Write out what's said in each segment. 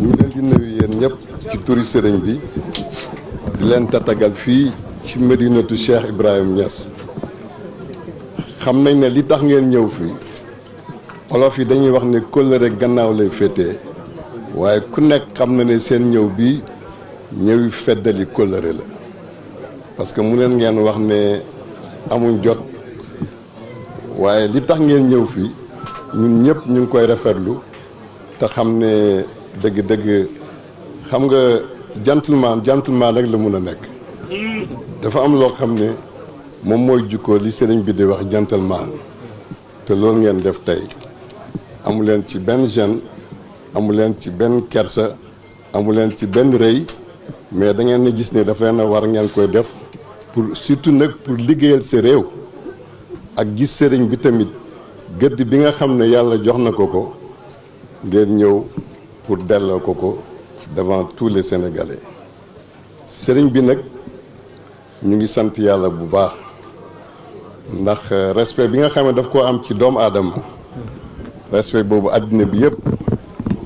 ñu ngi leen di nuyu yéen ñëpp ci turi sëriñ bi di leen tatagal fii ci Medinatu Cheikh Ibrahim Niass xam nañ ne li tax ngeen ñëw fii olof yi dañuy wax ne kóllëre gannaaw lay féetee waaye ku nekk xam na ne seen ñëw bi ñëwi feddali kóllëre la parce que mu leen ngeen wax ne amuñ jot waaye li tax ngeen ñëw fii ñun ñëpp ñu ngi koy rafetlu te xam ne dëgg dëgg xam nga gentleman gentleman rek la mun a nekk dafa am loo xam ne moom mooy jukkoo li sëriñ bi di wax gentleman te loolu ngeen def tey amu leen ci benn gêne amu leen ci benn kersa amu leen ci benn rëy mais da ngeen gis ne dafa leen a war ngeen koy def pour surtout nag pour liggéeyal sa réew ak gis sëriñ bi tamit gëdd bi nga xam ne yàlla jox na ko ko ngeen ñëw pour delloo ko ko devant tous les Sénégalais sëriñ bi nag ñu ngi sant yàlla bu baax ndax respect bi nga xam ne daf koo am ci doomu aadama respect boobu àddina bi yëpp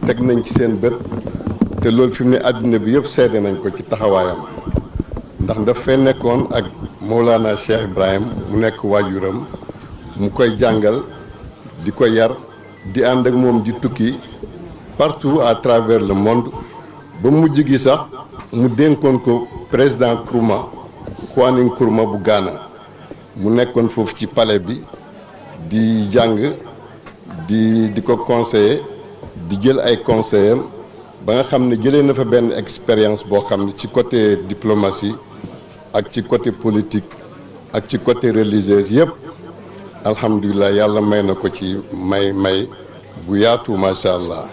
teg nañ ci seen bët te loolu fi mu ne àddina bi yëpp seede nañ ko ci taxawaayam ndax daf fee nekkoon ak Mawlana Cheikh Ibrahim mu nekk waajuram mu koy jàngal di ko yar di ànd ak moom di tukki partout à travers le monde ba mujj gi sax mu dénkoon ko président Nkrumah Kwame Nkrumah bu Ghana mu nekkoon foofu ci pale bi di jàng di di ko conseiller di jël ay conseillers ba nga xam ne jëlee na fa benn expérience boo xam ne ci côté diplomatie ak ci côté politique ak ci côté religieuse yëpp alhamdulilah yàlla may na ko ci may may bu yaatu macha allah.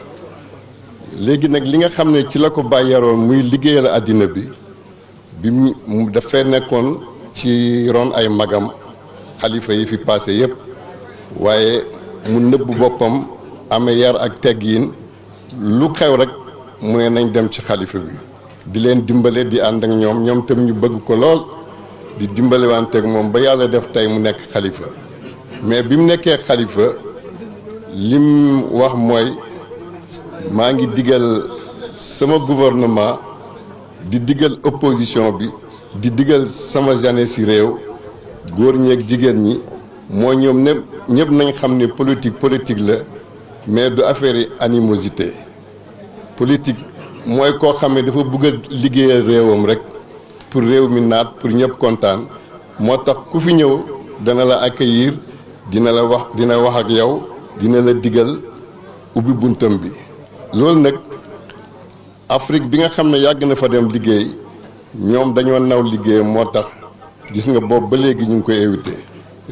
léegi nag li nga xam ne ci la ko bàyyaroon muy liggéeyal àddina bi bi mu dafay nekkoon ci ron ay magam xalifa yi fi passé yépp waaye mu nëbb boppam amee yar ak teggiin lu xew rek mu ne nañ dem ci xalifa bi di leen dimbale di ànd ak ñoom ñoom tam ñu bëgg ko lool di dimbale moom ba yàlla def tey mu nekk xalifa mais bi mu nekkee xalifa lim wax mooy maa ngi digal sama gouvernement di digal opposition bi di digal sama jeunesse si réew góor ñeeg jigéen ñi moo ñoom ñëpp ñëpp nañ xam ni politique politique la mais du affaire yi animosité politique mooy koo xam ne dafa bëgg a liggéeyal réewam rek pour réew mi naat pour ñëpp kontaan moo tax ku fi ñëw dana la accueillir dina la wax dina wax ak yow dina la digal ubbi buntam bi loolu nag Afrique bi nga xam ne yàgg na fa dem liggéey ñoom dañoo naw liggéey moo tax gis nga boobu ba léegi ñu ngi koy éviter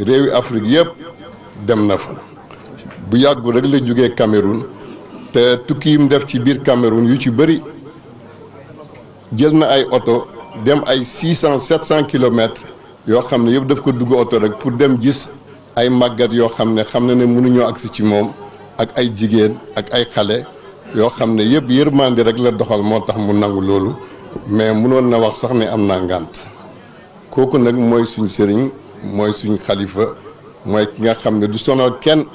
réewi Afrique yëpp dem na fa bu yàggu rek la jógee Cameroun te tukki yim def ci biir Cameroun yu ci bëri jël na ay oto dem ay six cent sept cent kilomètres yoo xam ne yëpp daf ko dugg oto rek pour dem gis ay màggat yoo xam ne xam na ne mënuñoo agsi ci moom ak ay jigéen ak ay xale yoo xam ne yëpp di rek la doxal moo tax mu nangu loolu mais mënoon na wax sax ne am naa ngànt kooku nag mooy suñ sëriñ mooy suñ xalifa mooy ki nga xam ne du sono kenn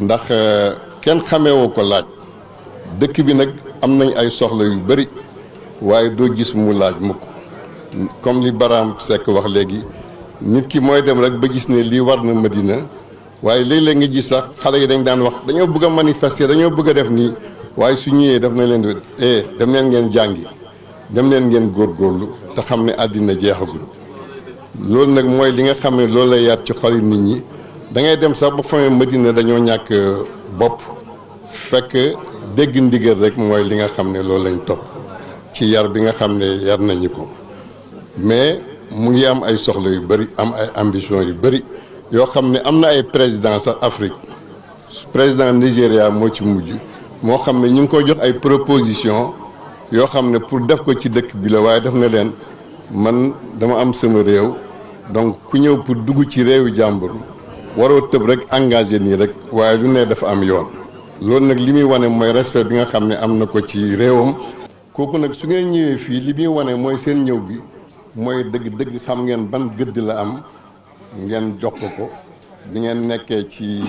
ndax euh, kenn xameewu ko laaj dëkk bi nag am nañ ay soxla yu bari waaye doo gis mu laaj mukk comme li Baraam Seck wax léegi nit ki mooy dem rek ba gis ne lii war na Madina waaye léeg-léeg nga gis sax xale yi dañ daan wax dañoo bëgg a manifester dañoo bëgg a def nii waaye su ñëwee daf nañ leen di eh dem leen ngeen jàngi dem leen ngeen góor góorlu te xam ne àddina jeexagul loolu nag mooy li nga xam ne loolu la yar ci xoli nit ñi da ngay dem sax ba famee Madina dañoo ñàkk euh, bopp fekk dégg ndigal rek mooy li nga xam ne loolu lañ topp ci yar bi nga xam ne yar nañu ko mais mu ngi am ay soxla yu bëri am ay ambition yu bëri yoo xam ne am na ay président sax Afrique président Nigéria moo ci mujj moo xam ne ñu ngi koy jox ay proposition yoo xam ne pour def ko ci dëkk bi la waaye def na leen man dama am sama réew donc ku ñëw pour dugg ci réewi jàmbur waroo tëb rek engagé nii rek waaye lu ne dafa am yoon loolu nag li muy wane mooy respect bi nga xam ne am na ko ci réewam kooku nag su ngeen ñëwee fii li muy wane mooy seen ñëw bi mooy dëgg-dëgg xam ngeen ban gëdd la am ngeen jox ko bi ngeen nekkee ci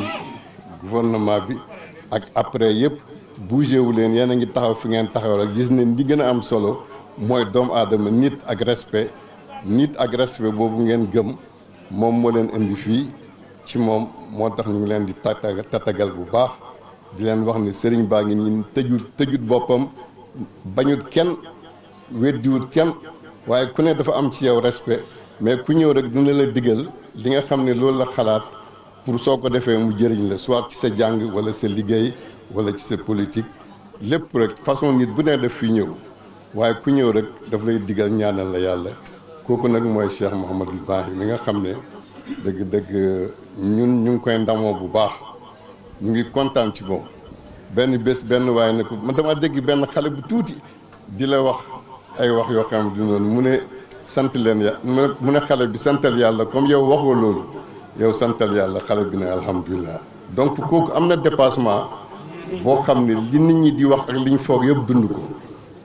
gouvernement bi ak après yëpp bougé wu leen yéen a ngi taxaw fi ngeen taxaw rek gis ne li gën a am solo mooy doomu aadama nit ak respect nit ak respect boobu ngeen gëm moom moo leen indi fii ci moom moo tax ñu ngi leen di tatagal bu baax di leen wax ni sëriñ baa ngi nii tëjut tëjut boppam bañut kenn weddiwut kenn waaye ku ne dafa am ci yow respe mais ku ñëw rek dina la digal li nga xam ne loolu la xalaat pour soo ko defee mu jëriñ la soit ci sa jàng wala sa liggéey wala ci sa politique lépp rek façon nit bu nee def fii ñëw waaye ku ñëw rek daf lay digal ñaanal la yàlla kooku nag mooy Cheikh baax yi mi nga xam ne dëgg-dëgg ñun ñu ngi koy ndamoo bu baax ñu ngi kontaan ci moom benn bés benn waaye ne ko man dama dégg benn xale bu tuuti di la wax ay wax yoo xam ne mu ne sant leen ya mu ne xale bi santal yàlla comme yow wax loolu yow santal yàlla xale bi ne alhamdulilah donc kooku am na dépassement boo xam ne li nit ñi di wax ak li ñu foog yëpp dund ko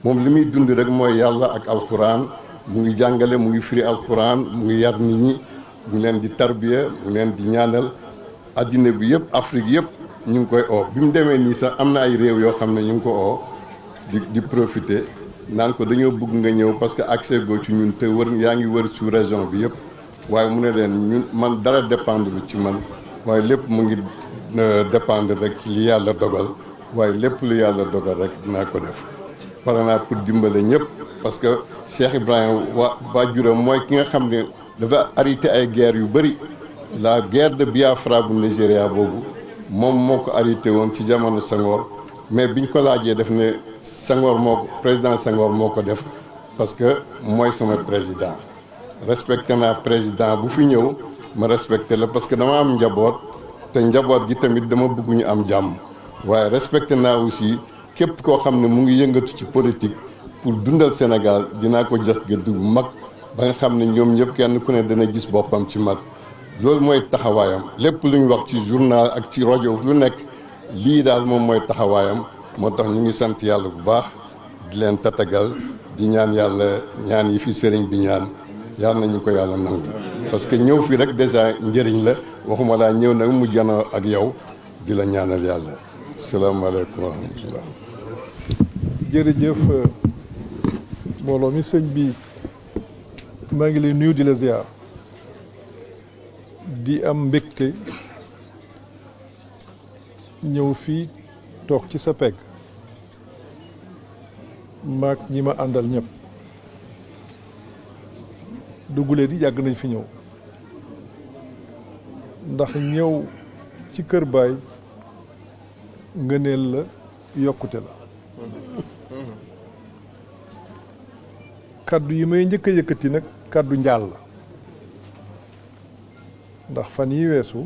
moom li muy dund rek mooy yàlla ak alxuraan mu ngi jàngale mu ngi firi alxuraan mu ngi yar nit ñi mu ngi leen di tarbiya mu leen di ñaanal addina bi yëpp Afrique yëpp ñu ngi koy oo bi mu demee nii sax am na ay réew yoo xam ne ñu ngi ko oo di di profité. naan ko dañoo bëgg nga ñëw parce que accès go ci ñun te wër yaa ngi wër sous région bi yëpp waaye mu ne leen ñun man dara dépendre lu ci man waaye lépp mu ngi euh, dépendre rek ci li yàlla dogal waaye lépp lu yàlla dogal rek dinaa ko def pare naa pour dimbale ñëpp parce que Cheikh waa wa waajuram mooy ki nga xam ne dafa arrêté ay guerre yu bëri la guerre de Biafra bu Nigéria boobu moom moo ko arrêté woon ci jamono Senghor mais biñ ko laajee def ne Senghor moo ko président Senghor moo ko def parce que mooy sama président respecté naa président bu fi ñëw ma respecté la parce que dama am njaboot te njaboot gi tamit dama bëgg ñu am jàmm waaye respecté naa aussi képp koo xam ne mu ngi yëngatu ci politique pour dundal Sénégal dinaa ko jox gëdd bu mag ba nga xam ne ñoom ñëpp kenn ku ne dana gis boppam ci mag loolu mooy taxawaayam lépp lu ñu wax ci journal ak ci rajo lu nekk lii daal moom mooy taxawaayam moo tax ñu ngi sant yàlla bu baax di leen tatagal di ñaan yàlla ñaan yi fi sëriñ bi ñaan yàlla nañu ko yàlla nangu parce que ñëw fii rek dèjà njëriñ la waxuma laa ñëw nag mu janoo ak yow di la ñaanal yàlla salaamaaleykum wa rahmatullah jërëjëf mbooloo mi sëñ bi maa ngi lay nuyu di la ziar di am mbégte ñëw fii toog ci sa pegg maag ñi ma àndal ñëpp duggulee di jàgg nañ fi ñëw ndax ñëw ci kër baay ngëneel la yokkute la kàddu yi may njëkk a yëkkati nag kàddu njaal la ndax fan yi weesu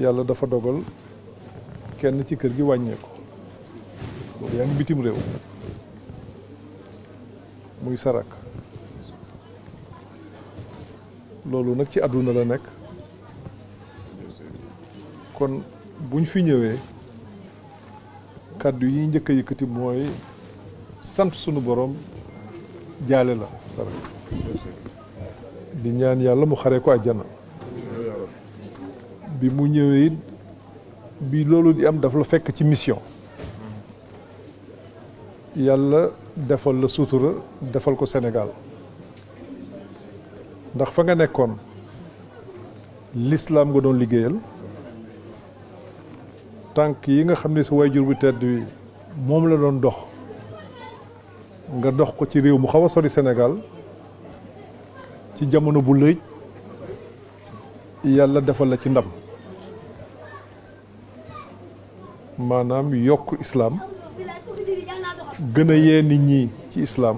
yàlla dafa dogal kenn ci kër gi wàññeeku boobu yaa ngi bitim réew muy sarak loolu nag ci àdduna la nekk kon buñ fi ñëwee kàddu yi njëkk a yëkkati mooy sant sunu boroom jaale la sarak di ñaan yàlla mu xaree ko àjjana bi mu ñëwee bii loolu di am dafa la fekk ci mission yàlla defal la suutura defal ko senegaal ndax fa nga nekkoon lislaam nga doon liggéeyal tànk yi nga xam ne sa waajur bu tedd wi moom la doon dox nga dox ko ci réew mu xaw a sori Sénégal ci jamono bu lëj yàlla defal la ci ndam maanaam yokk islaam gën a yee nit ñi ci islaam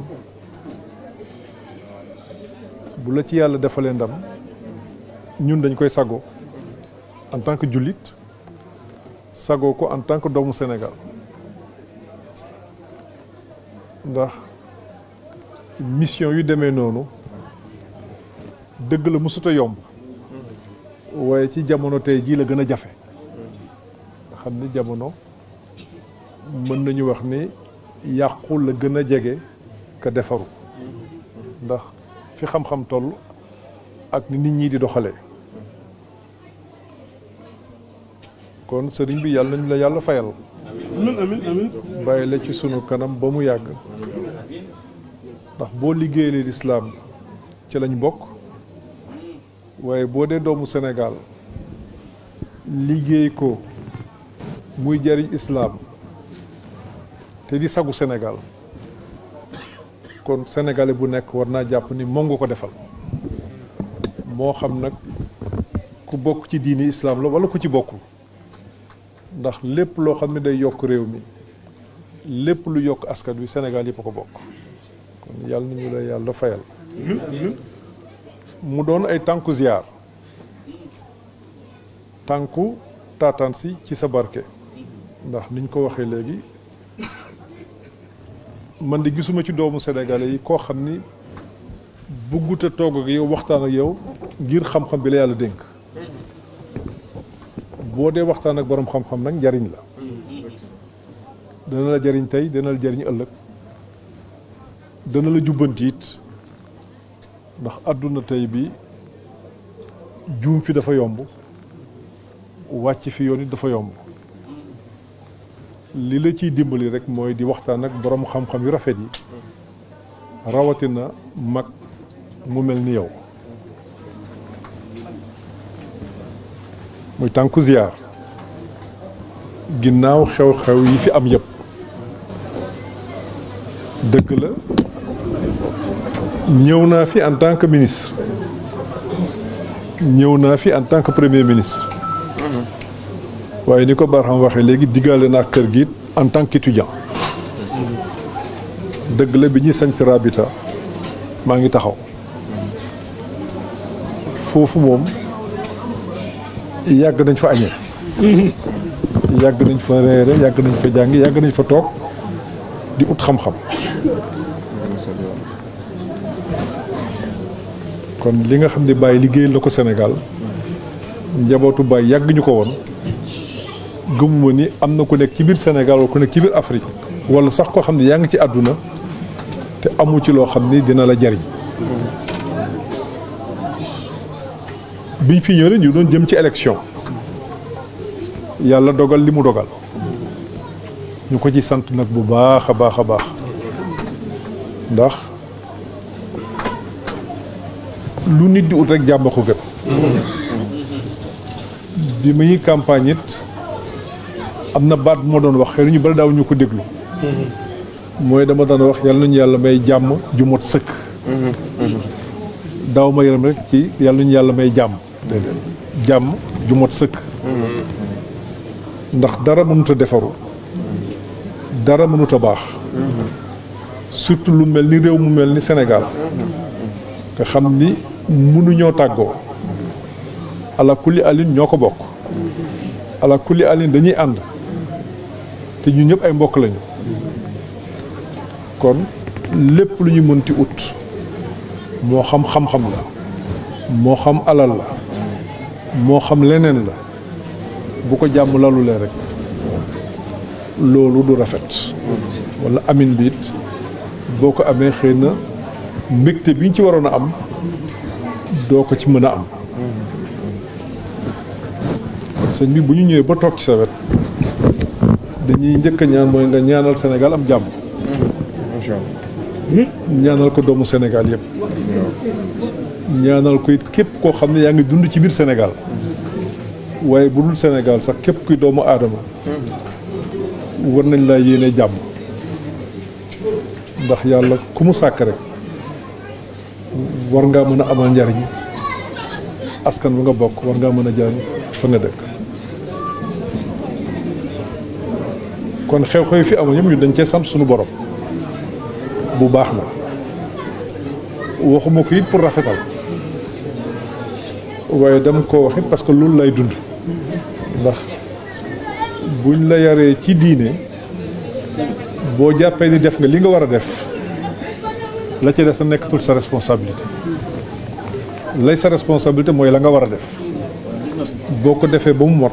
bu la ci yàlla defalee ndam ñun dañ koy sago en tant que jullit sago ko en tant que doomu senegal ndax mission yu demee noonu dëgg la mësuta yomb waaye ci jamono tey jii la gën a jafe xam ni jamono mën nañu wax ni yàqu la gën a jege ka defaru ndax fi xam-xam toll ak ni nit ñi di doxalee kon sëriñ bi yàlla nañu la yàlla fayal amiin bàyyi la ci sunu kanam ba mu yàgg ndax boo liggéeyee lislaam ci lañ bokk waaye boo dee doomu senegaal liggéey ko muy jariñ islaam te di sagu Sénégal kon sénégalais bu nekk war naa jàpp ni moom nga ko defal moo xam nag ku bokk ci diini islaam la walla ku ci bokkul ndax lépp loo xam ne day yokk réew mi lépp lu yokk askan wi Sénégal yëpp a ko bokk kon yàlla nañu la yàlla fayal mu doon ay tànku ziyaar tànku taataan ci sa barke ndax niñ ko waxee léegi man di gisuma ci doomu Sénégalais yi koo xam ni buggut a togg ak yow waxtaan ak yow ngir xam-xam bi la yàlla dénk boo dee waxtaan ak boroom xam-xam nag njariñ la dana la jariñ tey dana la jariñ ëllëg dana la jubbanti it ndax àdduna tey bi juum fi dafa yomb wàcc fi yoon it dafa yomb li la ciy dimbali rek mooy di waxtaan ak borom xam-xam yu rafet yi rawatina mag mu mel ni yow muy tànku ziar ginnaaw xew-xew yi fi am yëpp dëgg la ñëw naa fi en tant que ministre ñëw naa fi en tant que premier ministre waaye ni ko Barham waxee léegi diggaale naa kër gi en tant qu'étudiant dëgg la bi ñuy sanc Rabita maa ngi taxaw foofu moom yàgg nañ fa añee yàgg nañ fa reere yàgg nañ fa jàng yàgg nañ fa toog di ut xam-xam kon li nga xam ne Baye liggéey la ko senegal njabootu Baye yàgg ñu ko woon gëmuma ni am na ku nekk ci biir Sénégal wala ku nekk ci biir Afrique wala sax koo xam ne yaa ngi ci àdduna te amu ci loo xam ni dina la jariñ biñ fi ñëwee ñu doon jëm ci élection yàlla dogal li mu dogal ñu ko ci sant nag bu baax a baax a baax ndax lu nit di ut rek jàmba ko gën bi muy campagne it am na baat bu ma doon wax xëy na ñu daaw ñu ko déglu. mooy dama doon wax yàlla nañu yàlla may jàmm ju mot sëkk. daaw ma yaram rek ci yàlla nañu yàlla may jàmm. jàmm ju mot sëkk. ndax dara mënut a defaru. dara mënut a baax. surtout lu mel ni réew mu mel ni senegal te xam ni mënuñoo tàggoo. ala kulli alin ñoo ko bokk. ala kulli alin dañuy ànd. te ñun ñëpp ay mbokk lañu kon lépp lu ñu mënti ut moo xam xam-xam la moo xam alal la moo xam leneen la bu ko jàmm lalulee rek loolu du rafet walla amin biit boo ko amee xëy na mbégte bi ñu ci waroon a am doo ko ci mën a am sëñ bi bu ñu ñëwee ba toog ci sa wet dañuy njëkk a ñaan mooy nga ñaanal Sénégal am jàmm. Hmm? ñaanal ko doomu senegal yëpp. ñaanal ko it képp koo xam ne yaa ngi dund ci biir senegal waaye bu dul Sénégal sax képp kuy doomu aadama. war nañ laa yéene jàmm. ndax yàlla ku mu sàkk rek. war ngaa mën a amal njariñ askan bu nga bokk war ngaa mën a jariñ fa nga dëkk. kon xew-xew fi amoon yëpp ñun dañ cee sant suñu borom bu baax na waxuma ko it pour rafetal waaye dama koo wax parce que loolu lay dund ndax buñ la yaree ci diine boo jàppee ni def nga li nga war a def la ci des a nekkatul sa responsabilité lay sa responsabilité mooy la nga war a def boo ko defee ba mu mot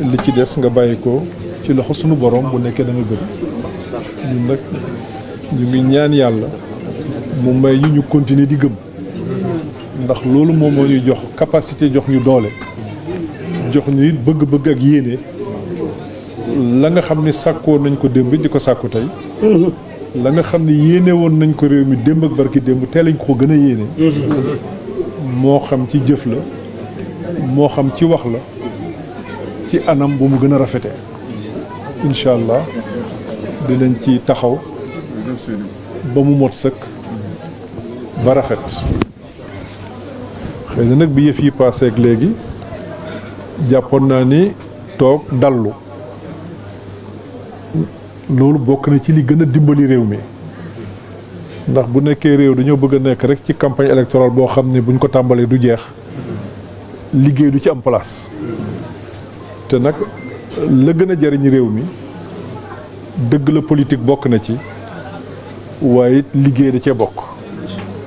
li ci des nga bàyyi ko ci loxo sunu borom bu nekkee da nga gëm ñun ñu ngi ñaan yàlla mu may ñu ñu continuer di gëm ndax loolu moom moo ñuy jox capacité jox ñu doole jox ñu it bëgg-bëgg ak yéene la nga xam ne sàkkoo nañ ko démb di ko sàkku tey la nga xam ne yéene woon nañ ko réew mi démb ak barki démb tey lañ ko ko gën a yéene moo xam ci jëf la moo xam ci wax la ci anam bu mu gën a rafetee incha allah dinañ ci taxaw ba mu mot sëkk ba rafet xëy na nag bi yëf yi paaseeg léegi jàppoon naa ni toog dallu loolu bokk na ci li gën a dimbali réew mi ndax bu nekkee réew dañoo bëgg a nekk rek ci campagne électorale boo xam ne buñ ko tàmbalee du jeex liggéey du ci am place te nag la gën a jariñ réew mi dëgg la politik bokk na ci waaye it liggéey da cee bokk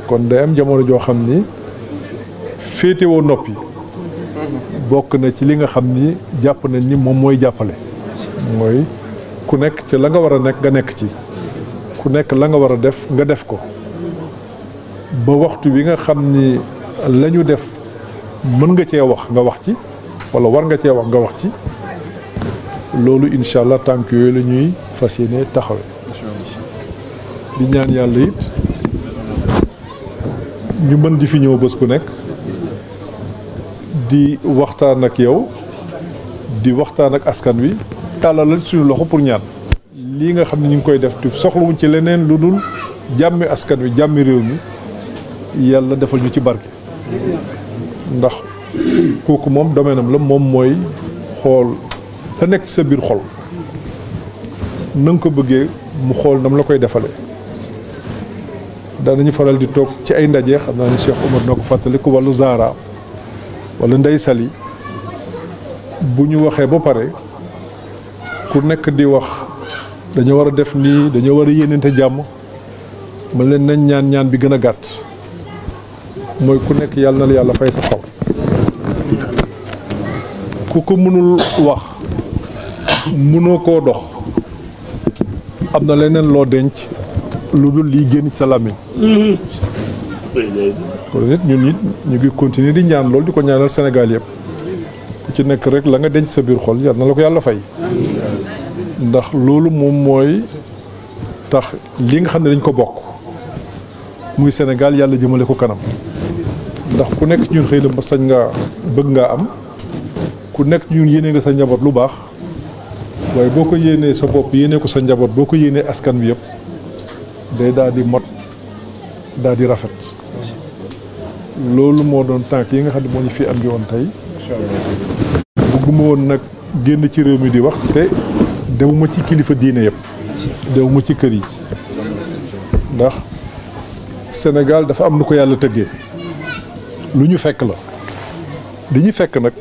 kon day am jamono joo xam ni féetewoo noppi bokk na ci li nga xam ni jàpp nañ ni moom mooy jàppale mooy ku nekk ci la nga war a nekk nga nekk ci ku nekk la nga war a def nga def ko ba waxtu bi nga xam ni lañu def mën nga cee wax nga wax ci walla war nga cee wax nga wax ci loolu incha allah tànk yooyu la ñuy fas yéene taxawe di ñaan yàlla it ñu mën di fi ñëw bës ku nekk di waxtaan ak yow di waxtaan ak askan wi tàllala suñu loxo pour ñaan lii nga xam ne ñu ngi koy def te soxlawuñ ci leneen lu dul jàmmi askan wi jàmmi réew mi yàlla defal ñu ci barke ndax kooku moom domaine la moom mooy xool la nekk sa biir xol na ko bëggee mu xool nam la koy defalee daanañu faral di toog ci ay ndaje xam na ne Cheikh Omar noo ko fàttaliku wàllu Zahra wala Ndey Sali bu ñu waxee ba pare ku nekk di wax dañoo war a def nii dañoo war a yéenante jàmm ma leen nañ ñaan ñaan bi gën a gàtt mooy ku nekk yàlla na la yàlla fay sa xol ku ko mënul wax mënoo koo dox am na leneen loo denc lu dul liy génn ci sa làmmiñ kon nit ñun it ñu ngi continuer di ñaan loolu di ko ñaanal Sénégal yëpp ku ci nekk rek la nga denc sa biir xol yal na la ko yàlla fay ndax loolu moom mooy tax li nga xam ne dañ ko bokk muy Sénégal yàlla jëmale ko kanam ndax ku nekk ñun xëy na sañ nga bëgg ngaa am ku nekk ñun yénee nga sa njaboot lu baax waaye boo ko yéenee sa bopp yéenee ko sa njaboot boo ko yéenee askan wi yëpp day daal di mot daal di rafet loolu moo doon tànk yi nga xam ne moo ñu fi andi woon tey bugguma woon nag génn ci réew mi di wax te dewuma ci kilifa diine yëpp dewuma ci kër yi ndax Sénégal dafa am nu ko yàlla tëgge lu ñu fekk la li ñu fekk nag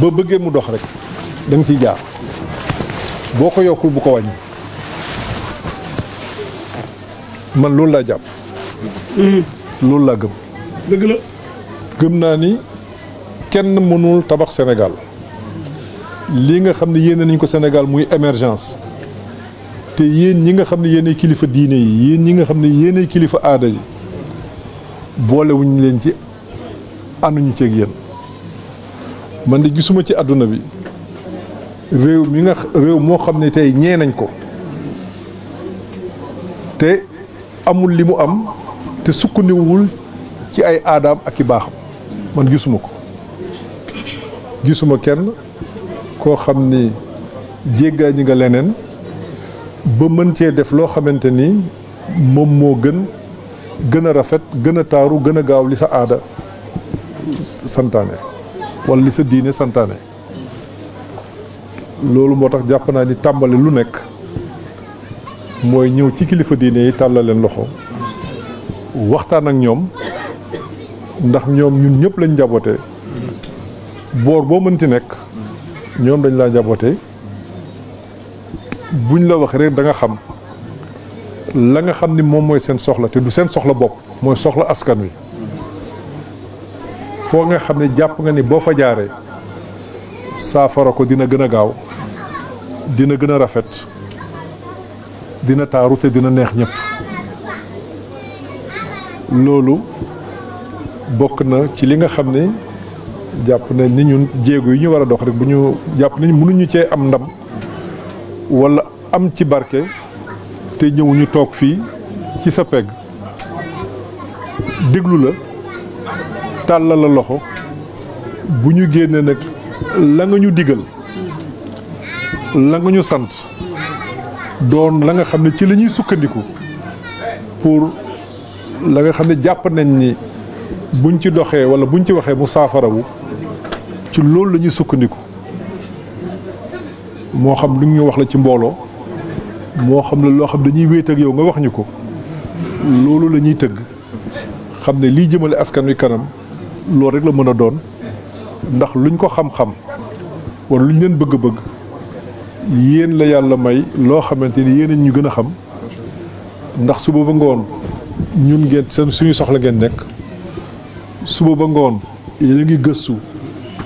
ba bëggee mu dox rek da nga ciy jaar boo ko yokkul bu ko wàññi man loolu laa jàpp. Hmm. loolu laa gëm. dëgg gëm naa ni kenn mënul tabax Sénégal lii nga xam ne yéene nañ ko Sénégal muy émergence te yéen ñi nga xam ne yéenay kilifa diine yi yéen ñi nga xam ne yéenay kilifa aada yi boolewuñ leen ci ànduñu ceeg yéen man de gisuma ci àdduna bi. réew mi nga réew moo xam ne tey ñee nañ ko te amul li mu am te sukkandiwul ci ay aadaam ak i baaxam man gisuma ko gisuma kenn koo xam ni jéggaa nga leneen ba mën cee def loo xamante ni moom moo gën gën a rafet gën a taaru gën a gaaw li sa aada santaane wala li sa diine santaane loolu moo tax jàpp naa ni tàmbali lu nekk mooy ñëw ci kilifa diine yi tàllal leen loxo waxtaan ak ñoom ndax ñoom ñun ñëpp lañ jaboote boor boo mënti nekk ñoom dañ laa jaboote buñ la wax rek da nga xam la nga xam ni moom mooy seen soxla te du seen soxla bopp mooy soxla askan wi foo nga xam ne jàpp nga ni boo fa jaaree saafara ko dina gën a gaaw dina gën a rafet dina taaru te dina neex ñëpp loolu bokk na ci li nga xam ne jàpp na ni ñu jéego yi ñu war a dox rek bu ñu jàpp nañ mënuñu cee am ndam walla am ci barke te ñëwuñu toog fii ci sa pegg déglu la tàllal la loxo bu ñu génnee nag la nga ñu digal la nga ñu sant doon la nga xam ne ci lañuy sukkandiku pour la nga xam ne jàpp nañ ni buñ ci doxee wala buñ ci waxee mu saafarawu ci loolu la ñuy sukkandiku moo xam lu ñu wax la ci mbooloo moo xam la loo xam dañuy wéet ak yow nga wax ñu ko loolu lañuy tëgg xam ne lii jëmale askan wi kanam loolu rek la mën a doon ndax luñ ko xam-xam wala luñ leen bëgg-bëgg yéen la yàlla may loo xamante ni yéen ñu gën a xam ndax suba ba ngoon ñun ngeen seen suñu soxla ngeen nekk suba ba ngoon yéen a ngi gëstu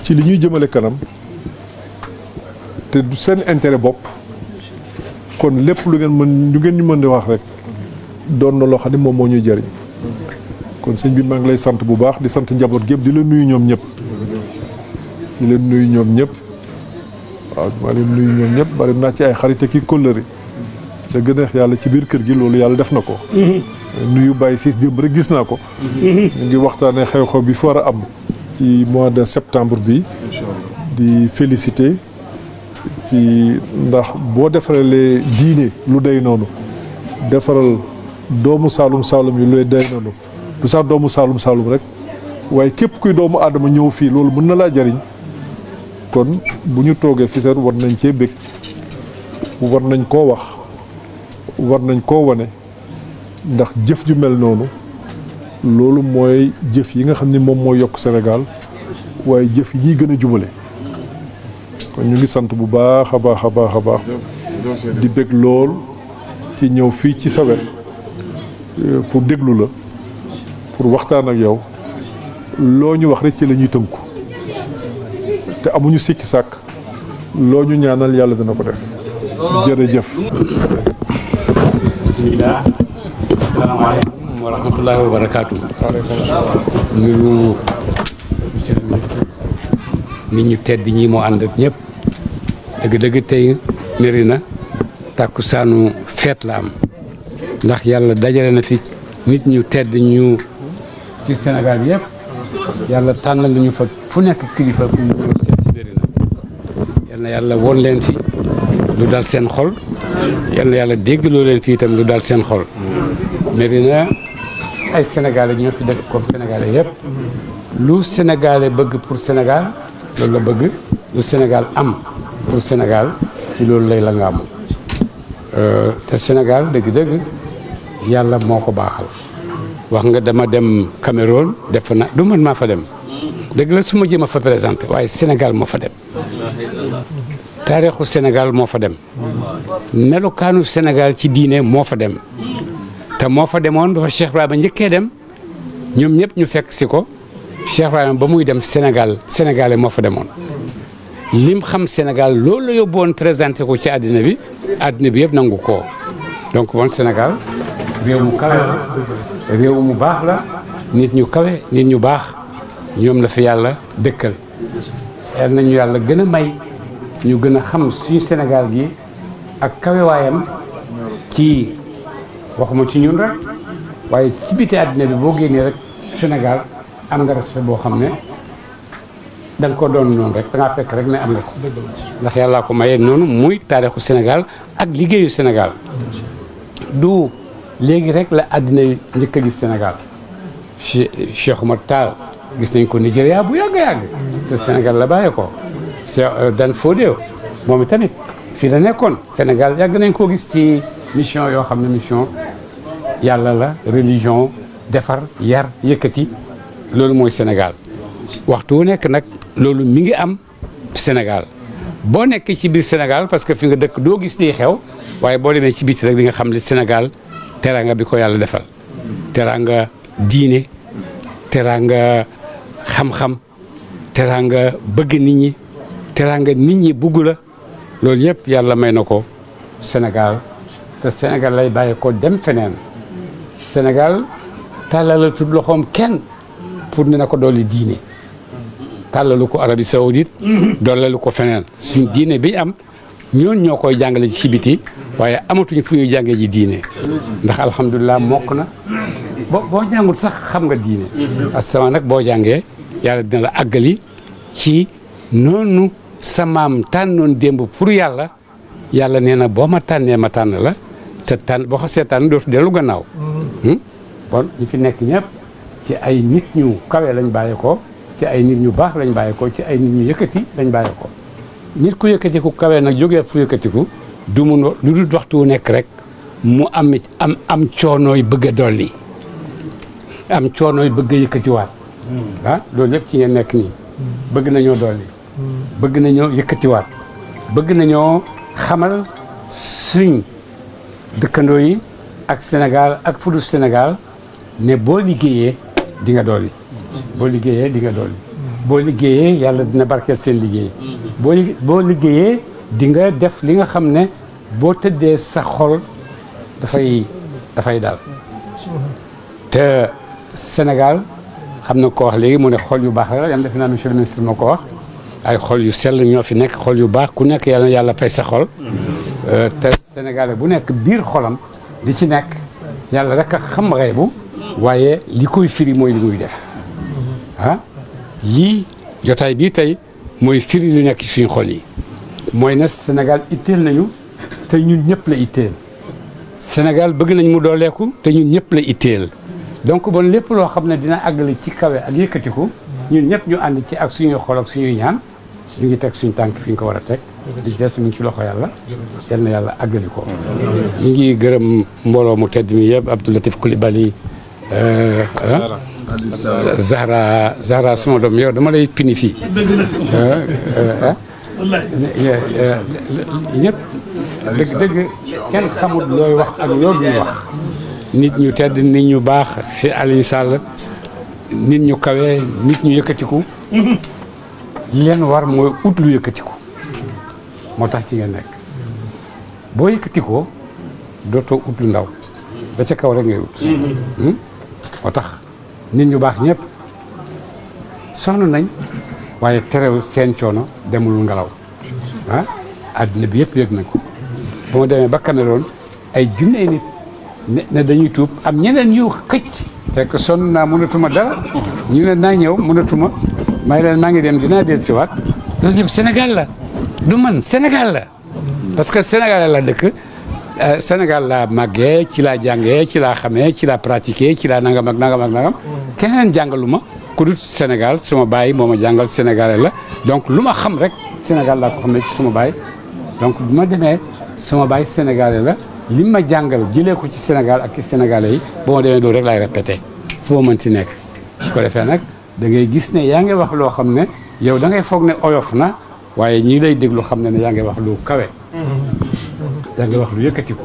ci li ñuy jëmale kanam te du seen intérêt bopp kon lépp lu ngeen mën lu ngeen ñu mën di wax rek doon na loo xam ne moom moo ñuy jariñ kon sëñ bi maa ngi lay sant bu baax di sant njaboot gépp di leen nuyu ñoom ñëpp di la nuyu ñëpp waaw maa leen ñëpp bari naa ci ay xarit ki kóllëre da gën yàlla ci biir kër gi loolu yàlla def na ko nuyu Baye si démb rek gis naa ko ñu ngi waxtaanee xew-xew bi fi war a am ci mois de septembre bi di félicité ci ndax boo defaralee diine lu day noonu defaral doomu saalum saalum yi lu day noonu du sax doomu saalum saalum rek waaye képp kuy doomu aadama ñëw fii loolu mën na laa jariñ kon bu ñu toogee Fissel war nañ cee bëgg war nañ koo wax war nañ koo wane ndax jëf ju mel noonu loolu mooy jëf yi nga xam ni moom moo yokk senegal waaye jëf yi ñuy gën a jubale kon ñu ngi sant bu baax a baax a baax a baax di bëgg lool ci ñëw fii ci sawet pour déglu la pour waxtaan ak yow loo ñu wax rek ci la ñuy tënku te amuñu sikki sàkk loo ñu ñaanal yàlla dina ko def jërëjëf. bismillah salaamaaleykum wa wa barakaatu. nit ñu tedd ñi moo ànd ak ñëpp dëgg-dëgg tey Médina tàkkusaanu feet la am ndax yàlla dajale na fi nit ñu tedd ñu ci Sénégal yëpp yàlla tànnal nañu fa fu nekk kilifa ku na yàlla woon leen fi lu dal seen xol yal yàlla dégg loo leen fi itam lu dal seen xol Médina ay sénégalais ñoo fi dëkk comme sénégalais yëpp lu sénégalais bëgg pour Sénégal loolu la bëgg lu Sénégal am pour Sénégal ci loolu lay la nga am euh, te Sénégal dëgg-dëgg yàlla moo ko baaxal wax nga dama dem Cameroun def na du man maa fa dem dëgg la su ma jéem a fa présenté waaye Sénégal moo fa dem taarixu Sénégal moo fa dem melukaanu Sénégal ci diine moo fa dem te moo fa demoon ba fa Cheikh Ibrahima njëkkee dem ñoom ñëpp ñu fekk si ko Cheikh ba muy dem Sénégal sénégalais moo fa demoon lim xam Sénégal loolu la yóbbuwoon présenté ko ci àddina bi àddina bi yëpp nangu ko donc bon Sénégal réew mu kawe la réew mu baax la nit ñu kawe nit ñu baax. ñoom la fi yàlla dëkkal yal nañu yàlla gën a may ñu gën a xam suñu Sénégal gi ak kawewaayam ci waxuma ci ñun rek waaye ci biti àddina bi boo génnee rek Sénégal am nga boo xam ne da nga ko doon noonu rek da ngaa rek ne am ndax yàllaa ko mayee noonu muy taarixu Sénégal ak liggéeyu Sénégal du léegi rek la àddina yi njëkk a gis Sénégal Cheikh Omar gis nañ ko Nigéria bu yàgg yàgg te Sénégal la bàyyee ko Cheikh euh, Dan Fodio moom itamit fii la nekkoon Sénégal yàgg nañ koo gis ci mission yoo xam ne mission yàlla la religion defar yar yëkkati loolu mooy Sénégal waxtu wu nekk nag loolu mi ngi am Sénégal boo nekkee ci biir senegal parce que fi nga dëkk doo gis liy xew waaye boo demee ci biti rek di nga xam ne Sénégal nga bi ko yàlla defal teraanga diine teraanga xam-xam teraanga bëgg nit ñi teraanga nit ñi bugg la loolu yëpp yàlla may na ko Sénégal te Sénégal lay bàyyi ko dem feneen Sénégal tàllalatul loxoom kenn pour ne ko dolli diine tàllalu ko Arabie Saoudite mm-hmm. dollalu ko feneen suñ diine bi am ñoon ñoo koy jàngale ci biti waaye amatuñ fu ñuy jàngee ji diine ndax alhamdulilah mokk na boo boo sax xam nga diine mm-hmm. asamaan nag boo jàngee yàlla dina la àggali ci noonu sa maam tànnoon démb pour yàlla yàlla nee na boo ma tànnee ma tànn la te tànn boo xasee tànn dootu dellu gannaaw. Mm-hmm. Hmm? bon ñi fi nekk ñëpp ci ay nit ñu kawe lañ bàyyi ci ay nit ñu baax lañ bàyyeekoo ci ay nit ñu yëkkati lañ bàyyi ko nit ku yëkkatiku kawe nag jóge fu yëkkatiku du mun lu dul waxtu wu nekk rek mu am am coonooy bëgg a dolli am coonooy bëgg a yëkkatiwaat. Hmm. ah loolu yëpp ci ngeen nekk nii hmm. bëgg nañoo dolli hmm. bëgg nañoo yëkkatiwaat bëgg nañoo xamal suñ dëkkandoo yi ak Sénégal ak fudu Sénégal ne boo liggéeyee dinga nga dolli boo liggéeyee di nga dolli liggéeyee yàlla dina barkeel seen liggéey boo boo liggéeyee di nga def li nga xam ne boo tëddee sa xol dafay dafay daal te Sénégal xam na ko wax léegi mu ne xol yu baax la yàlla defe naa monsieur le ministre moo ko wax ay xol yu sell ñoo fi nekk xol yu baax ku nekk yàlla yàlla fay sa xol euh, te Sénégalais bu nekk biir xolam di ci nekk yàlla rek a xam xeebu waaye li koy firi mooy li muy def ah lii jotaay bii tey mooy firi lu nekk ci suñu xol yi mooy ne Sénégal itteel nañu te ñun ñëpp la itteel Sénégal bëgg nañ mu dooleeku te ñun ñëpp la itteel donc bon lépp loo xam ne dina àggale ci kawe ak yëkkatiku ñun ñëpp ñu ànd ci ak suñu xol ak suñuy ñaan ñu ngi teg suñu tànk fi ko war a teg di des mi ci loxo yàlla yal na yàlla àggali ko ñu ngi gërëm mbooloo mu tedd mi yëpp Abdou Latif Coulibaly euh, Zahra Zahra sama doom yow dama lay pini fii euh, euh, ñëpp looy wax ak loo wax nit ñu tedd nit ñu baax si Aliou Sall nit ñu kawe nit ñu yëkkatiku li leen war mooy ut lu yëkkatiku moo tax ci nga nekk boo yëkkatikoo dootoo ut lu ndaw da ca kaw rek ngay ut hmm? moo tax nit ñu baax ñëpp sonn nañ waaye terewul seen coono demul ngelaw ah àddina bi yëpp yëg nañ ko ba ma demee ba Cameroon ay junne nit ne dañuy tuub am ñeneen ñu xëcc fekk sonn naa mënatuma dara ñu ne naa ñëw mënatuma may leen maa ngi dem dinaa del siwaat loolu yëpp Sénégal la du man Sénégal la parce que Sénégal la dëkk euh, Sénégal laa màggee ci laa jàngee ci laa xamee ci laa pratiqué ci laa nangam ak nangam ak nangam keneen jàngalu ma ku dul Sénégal sama baay moo ma jàngal Sénégalais la donc lu ma xam rek Sénégal laa ko xam ne ci sama baay donc bu ma demee suma baay Sénégalais la li ma jàngal jëlee ko ci Sénégal ak ci Sénégalais yi ba ma demee loolu rek laay répété foo mënti nekk su ko defee nag dangay gis ne yaa ngi wax loo xam ne yow da ngay foog ne oyof na waaye ñii lay déglu xam ne ne yaa ngi wax lu kawe yaa ngi wax lu yëkkati ko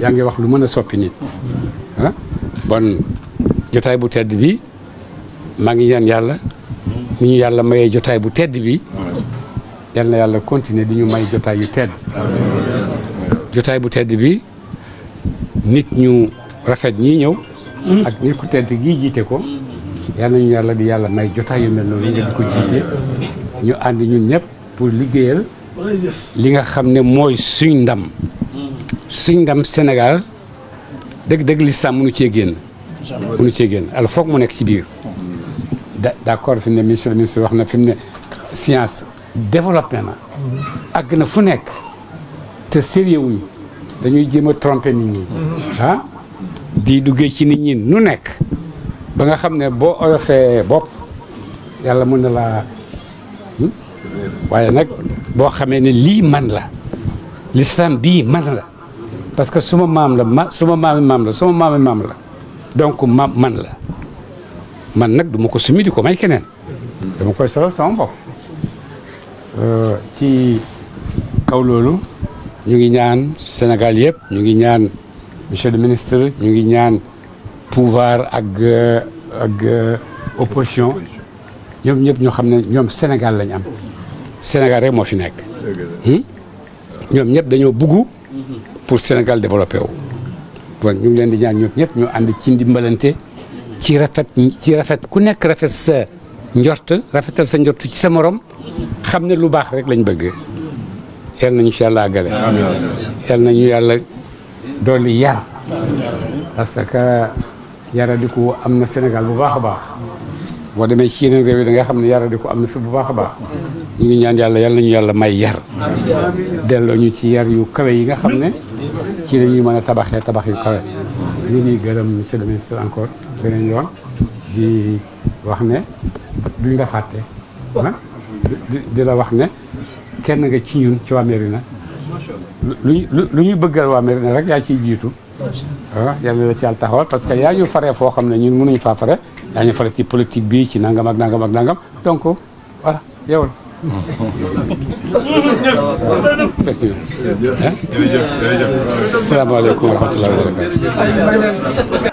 yaa ngi wax lu mën a soppi nit ah bon jotaay bu tedd bi maa ngi ñaan yàlla ni ñu yàlla mayee jotaay bu tedd bi yal yàlla continuer di ñu may jotaay yu tedd jotaay bu tedd bi nit ñu rafet ñii ñëw hmm. ak nit ku tedd gii jiite ko yàlla nañu yàlla di yàlla may jotaay yu mel noonu nga di ko jiite ñu ànd ñun ñëpp pour liggéeyal li nga xam ne mooy suñ ndam suñ ndam Sénégal dëgg-dëgg lislaam mënu cee génn mënu génn alors foog mu nekk ci biir d'accord fi mu ne monsieur si wax na fi mu ne science développé na àgg na fu nekk te sérieux wuñu dañuy jéem a tromper nit ñi ah? di duggee ci nit ñi nu nekk ba nga xam ne boo oyofee bopp yàlla mën na laa hmm? waaye nag boo xamee ne lii man la l'islam bii man la parce que suma maam la suma maami maam la suma maami maam la donc ma man la man nag du ko sumi ko may keneen dama koy solal sama bopp euh, ci kaw loolu ñu ngi ñaan Sénégal yëpp ñu ngi ñaan monsieur le ministre ñu ngi ñaan pouvoir ak euh, ak euh, opposition ñoom ñëpp ñoo xam ne ñoom Sénégal lañ am Sénégal rek moo fi nekk hmm? ñoom ñëpp dañoo bugg pour Sénégal développé wu bon ñu ngi leen di ñaan ñoom ñëpp ñu ànd ci ndimbalante ci ci rafet ku nekk rafet sa njort rafetal sa njort ci sa morom xam ne lu baax rek lañ bëgg yal nañu si yàlla àggale yal nañu yàlla dolli yar parce que yaradiku am na Sénégal bu baax a baax boo demee ci yeneen réew yi da nga xam ne yaradiku am na fi bu baax a baax ñu ngi ñaan yàlla yal nañu yàlla may yar delloo ñu ci yar yu kawe yi nga xam ne ci lañuy mën a tabaxee tabax yu kawe ñu ngi gërëm monsieur le ministre encore beneen yoon di wax ne duñ la fàtte ah? di la wax ne kenn nga ci ñun ci waa Mérina lu lu lu ñu bëggal waa Mérina rek yaa ciy jiitu waaw ah, yàlla la ci yàlla taxawal parce que yaa ñu fare foo xam ne ñun mënuñu faa fare yaa ñu fare ci politique bi ci nangam ak nangam ak nangam donc voilà yow la ah? salaamaaleykum wa rahmatulah wa barakatu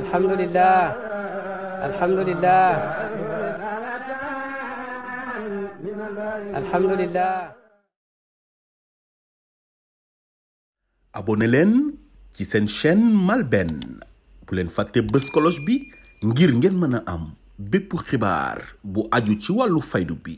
alhamdulilah alhamdulilah alhamdulilah. abonné leen ci seen chen malben bu leen fàtte bës cloche bi ngir ngeen mën a am bépp xibaar bu aju ci wàllu faydu bi.